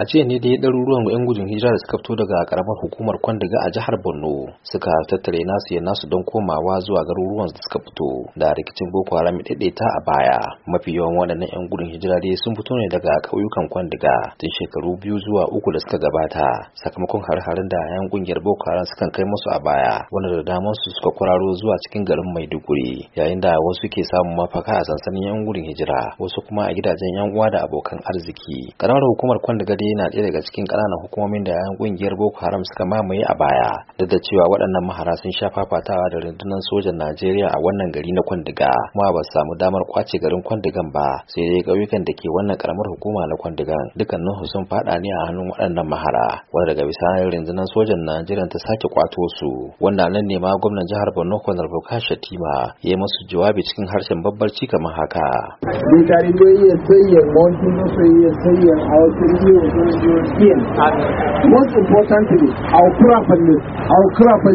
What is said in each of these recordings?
a ce ne dai ɗaruruwan 'yan gudun hijira da suka fito daga karamar hukumar kwandiga a jihar borno suka tattare nasu ya nasu don komawa zuwa garuruwan da suka fito da rikicin boko haram daidaita a baya mafi yawan waɗannan 'yan gudun hijira dai sun fito ne daga ƙauyukan kwandiga tun shekaru biyu zuwa uku da suka gabata sakamakon har-harin da 'yan ƙungiyar boko haram sukan kai musu a baya wanda da daman su suka kwararo zuwa cikin garin maiduguri yayin da wasu ke samun mafaka a sansanin 'yan gudun hijira wasu kuma a gidajen 'yan uwa da abokan arziki karamar hukumar kwandiga dai na ɗaya daga cikin ƙananan hukumomin da yayan ƙungiyar boko haram suka mamaye a baya duk da cewa waɗannan mahara sun sha fafatawa da rundunar sojan najeriya a wannan gari na kwandiga kuma ba su samu damar kwace garin kwandigan ba sai dai ƙauyukan da ke wannan ƙaramar hukuma na kwandigan dukkanin sun faɗa ne a hannun waɗannan mahara wanda daga bisani rundunar sojan najeriya ta sake kwato su Wannan nan ne ma gwamnan jihar borno kwanar boko shatima ya yi masu jawabi cikin harshen babbar kamar haka. most important thing our our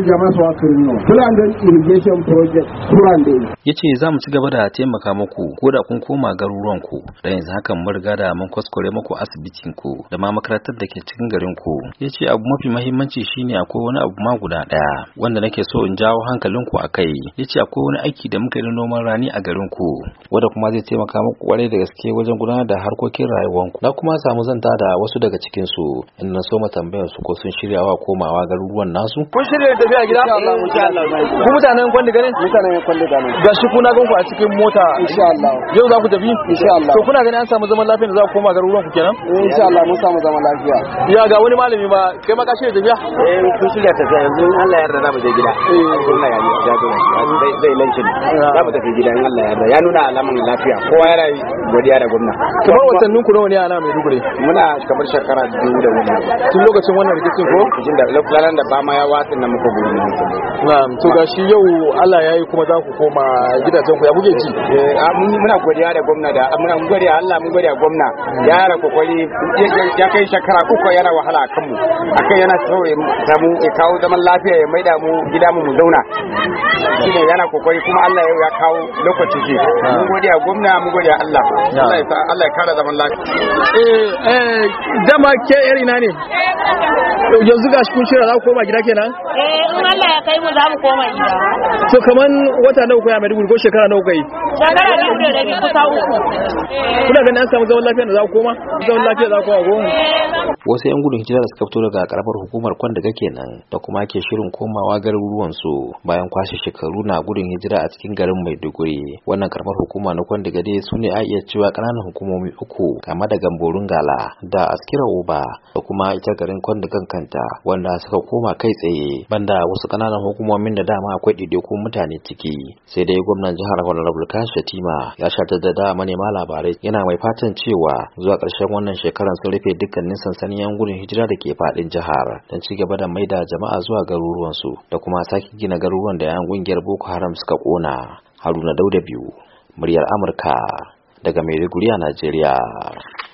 jama'a su aka rinno plan irrigation project plan yace za mu ci gaba da taimaka muku ko da kun koma garuruwan ku da yanzu haka mun riga da mun kwaskware muku asibitin ku da ma makarantar da ke cikin garin ku. yace ce abu mafi muhimmanci shine akwai wani abu ma guda daya wanda nake so in jawo hankalin ku akai. Ya ce akwai wani aiki da muka yi noman rani a garin ku wanda kuma zai taimaka muku kwarai da gaske wajen gudanar da harkokin rayuwar ku. Na kuma samu zanta da wasu daga cikin su in na so ma tambayar su ko sun shirya wa komawa garuruwan nasu kun shirya tafiya gida ku mutanen kwandi garin mutanen kwandi garin ga shi kuna ganku a cikin mota insha Allah yau za ku tafi insha Allah to kuna ganin an samu zaman lafiya za ku koma garuruwan ku kenan eh, insha Allah mun samu zaman lafiya ya ga wani malami ma kai ma ka shirya tafiya eh kun shirya tafiya yanzu Allah ya yarda za mu je gida Allah eh. ya yarda zai lancin za mu tafi gida in Allah ya yarda ya nuna alaman lafiya kowa rayu godiya da gwamna kamar watannin ku nawa ne ana Maiduguri muna bar shekara biyu da wani tun lokacin wannan rikicin ko jin da lalan da ba ma ya watsin na muka gudu na'am to shi yau Allah yayi kuma za ku koma gidajen ku ya buge ji eh, muna godiya da gwamna da muna godiya Allah mun godiya gwamna hmm. ya yara kokari ya kai shekara uku yana wahala akan mu akan yana saurayi mu ya kawo zaman lafiya ya maida mu gida mu mu zauna shine yana kokari kuma Allah yau ya kawo lokaci ji hmm. mun godiya gwamna mun godiya Allah Allah ya kara zaman lafiya eh eh dama ke yar na ne yanzu ga kun shirya za ku koma gida kenan eh in Allah ya kai mu za mu koma gida to kaman wata nawa ku ya mai dubu ko shekara nawa kai shekara biyu da ku ta uku kuna ganin an samu zaman lafiya da za ku koma zaman lafiya za ku koma goma eh, wasu yan gudun hijira da suka fito daga karamar hukumar kwandaga kenan da kuma ke shirin komawa garuruwan su bayan kwashe shekaru na gudun hijira a cikin garin maiduguri wannan karamar hukuma na kwandaga dai su ne a iya cewa kananan hukumomi uku kama da gamborin gala da askira oba da kuma ita garin kwandagan kanta wanda suka koma kai tsaye banda wasu kananan hukumomin da dama akwai ɗaiɗaikun mutane ciki sai dai gwamnan jihar honorable kashi shatima ya shatar da ma labarai yana mai fatan cewa zuwa ƙarshen wannan shekaran sun rufe dukkanin sansanin gudun hijira da ke fadin jihar don ci gaba da maida jama'a zuwa garuruwansu da kuma sake gina garuruwan da 'yan kungiyar boko haram suka kona haruna dauda biyu muryar amurka daga maiduguri a najeriya